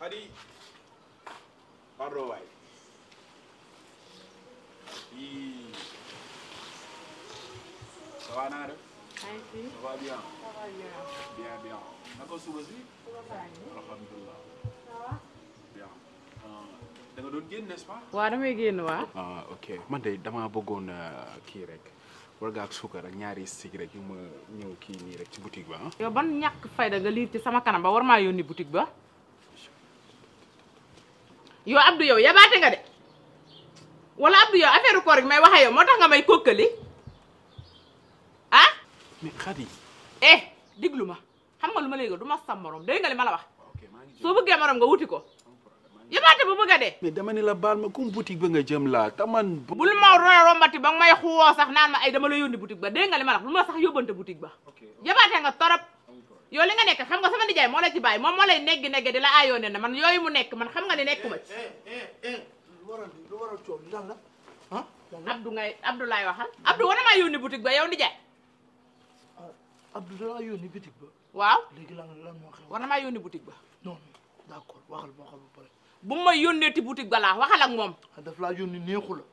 hari parro way i ça va nanga def ça va bien bien bien naka suba si alhamdulillah bien da nga doon génn n'est-ce pas waaw damay génn waa ah ok man de dama bëggoon kii rek warga ak sukar ak ñaari sig rek yu ma ñew ki ni rek ci boutique ba yo ya, ban ñak fayda nga liir ci sama kanam ba war ma yoni ya, boutique ba Yo Abdou yow yabate nga de wala Abdou yow affaire koor gi may waxe yow motax nga may kokkeli ah. mais khadi eh digluma xam nga luma ma léegi du ma sam morom dégg nga li mala wax so beugé morom nga wuti ko yabaate bu beugé de mais dama ni la baal ma boutique ba nga jëm la taman. bul ma rombati ba nga may xuwoo sax nan ma ay dama la yoni boutique ba de nga li mala wax luma sax yobante boutique ba yabate nga torop. yow li nga nekk xam nga sama nijaay moo la ci bàyyi moom moo lay neggi neggi di la aayoo ne na man yooyu mu nekk man xam nga ne nekkuma ci. Eh, eh, eh, lu waral lu waral laay waxal Abdou wane maa ba yow nijaay. Ah, Abdou dala yónni boutique ba. waaw léegi lan lan moo xew. war na maa yónni boutique ba. non d'accord waxal ma waxal ba pare. bu ma yónneeti boutique ba laa waxal moom. Ah, daf laa yónni neexu la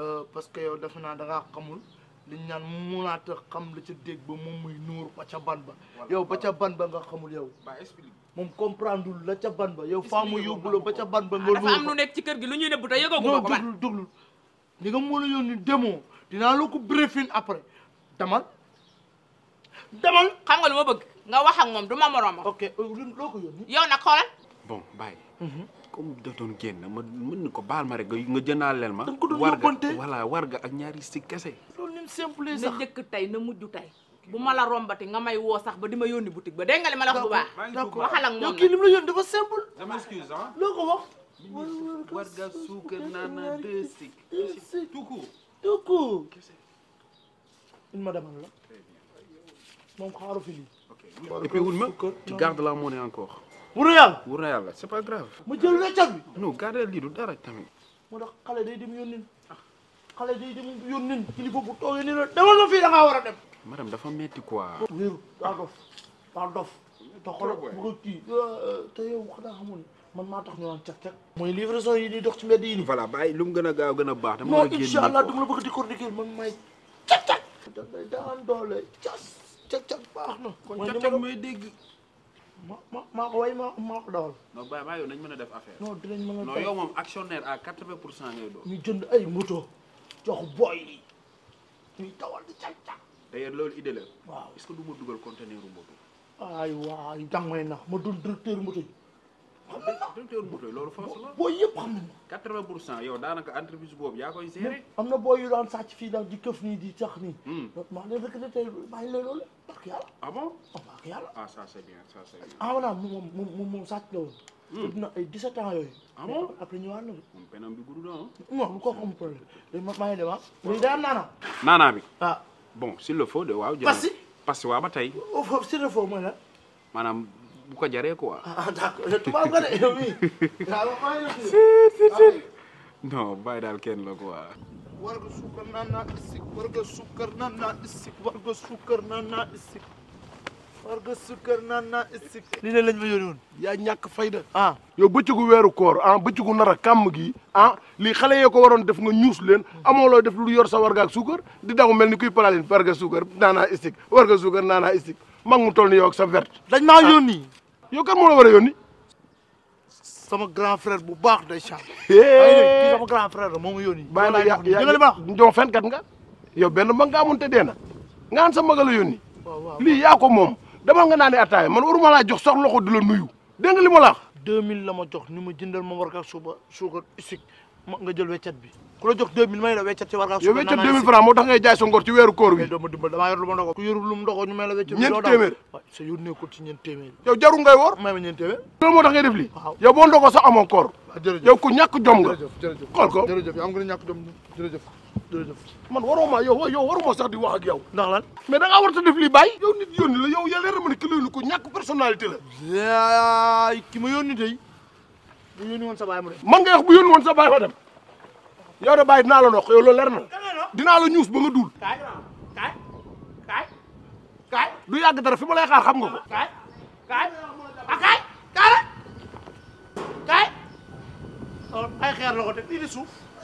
euh, parce que yow defe naa da ngaa xamul. li ñaan munaata xam la ca dégg ba moom muy nuur ba ca ban ba yow ba ca ban ba nga xamul yow moom comprendre la ca ban ba yow faa mu yóbbu ba ca ban ba ah, nga nuur dafa am nekk ci kër gi lu ñuy nëbbu te yëgoo ko ba duglul duglul ni nga mën a yónni demoo dinaa la ko briefing après damal damal xam nga lu ma bëgg nga wax ak moom du ma moroom ok euh, loo ko yónni yow nag xoolal bon bàyyi mhm. comme da doon génn ma mën ni ko baal ma rek nga jëndaaleel ma warga voilà warga ak ñaari si kese même simple yi sax na njëkk tey na mujj tey bu ma la rombati nga may woo sax ba di ma yónni boutique ba dégg nga li waxal ak moom yow kii li la yónni dafa simple dama excuse ah loo wax war nga suukar naana deux sik tuku tuku une madame la moom xaaru fi lii et puis wul ma tu gardes la monnaie encore pour rien yàlla wur c'est pas grave ma jël la cat bi non garde lii du dara tamit day xale day dem yónni kilifa bu toogee da ngaa war a dem. madame dafa metti quoi. wéeru daa dof daa dof. toxal bu ko kii euh, te yow man maa tax ñu naan càq càq. mooy livraison yi di dox ci mbedd yi nii. voilà bàyyi lu mu gën a a baax. dama war a génn incha allah dama la bëgg di corniquer man maay càq càq. dafay daan doole na. kon càq càq may ma maa ko way ma maa ko dawal. non bàyyi bàyyi yow nañ mën a def affaire. non dinañ mën a non yow moom actionnaire à quatre-vingts pour cent ngay doon. ñu jënd ay moto. jox booy yi ñuy dawal di càq-càq. d'ailleurs loolu idée waaw est-ce du ma dugal u moto. ay waay dang may nax ma dul directeur moto yi. xam nañ ma directeur moto yi loolu force la. yëpp xam nañ ma. quatre-vingt pour daanaka entreprise boobu yaa koy am na booy yu daan sàcc fii daal di këf nii di sax nii. donc hmm. maa ngi leen rek ne tey maa ngi barke yàlla. ah bon oh, barke yàlla. ah ça c'est bien ça c'est bien. ah maanaam dina ay 17 ans yooyu. ah bon après ñëwaat na. moom bi gudd na ah. non kooku amul problème léegi maa ngi dem ah. léegi day am naanaa. Ah. bon s'il le faut de waaw. jërëjëf parce que waa que ba tey. Oh, foofu s'il le faut mooy la. maanaam bu ko jaree quoi. Ah, tubaab nga de yow mii. non bàyyi daal kenn la quoi. warga suukar naan naa isik warga suukar naan naan isik. warga sukar nana naa isik li ne lañ ma yónni woon yaa fayda ah yow bëccëgu weeru koor ah bëccëgu nar narakamugi. gi ah li xale yoo ko waroon def nga ñuus leen amoo loo def lu yor sa warga ak sukkër di daw mel kuy warga sukar nana naa isik warga sukkër naan naa isik mag mu toll ni yow sa vert dañ maa ah. yoni yow kan mo la war yoni yónni sama grand frère bu baax day char ay sama grand frère mo yoni yónni bàyyi la yoni yaa li ma wax ñoo nga yow benn mag nga amunte dee nga magal ko demal nga naani attaaya man waruma laa jox sax loxo di la nuyu dégg nga li ma la wax. 2000 la ma jox ni ma jëndal ma warga suba suukar isik ma nga jël weccat bi ku la jox 2000 may la weccat ci warga suba. weccat 2000 francs moo tax ngay jaay sa ngor ci weeru koor wi. dama dimbal ku yorul lu mu ñu may la weccat. sa yor nekkul ci ñeenti téeméer. yow jarul ngay wor ma ñeenti téeméer. loolu moo tax ngay def lii. waaw yow boo ndoxoo sax amoo koor. ku ñàkk jom nga. jërëjëf jërëjëf xool ko jërëjëf yow am 2F man waroo maa yow yow waruma sax di wax ak yow. ndax lan mais da ngaa war a def li bàyyi. yow nit yónni ya, la yow yàlla na ma ne ki loolu ko ñàkk personnalité la. Ya, ki ma yónni tey bu yónni woon sa baay ma dem. man nga wax bu yónni woon sa baay ma dem yow ya, de bàyyi dinaa la noq yow loolu leer na dinaa la ñuus ba nga duul. kaay kaay kaay kaay. du yàgg dara fi ma lay xaar xam nga ko. kaay kaay ah kaay kaay la kaay. ay xeer la ko teg lii di suuf.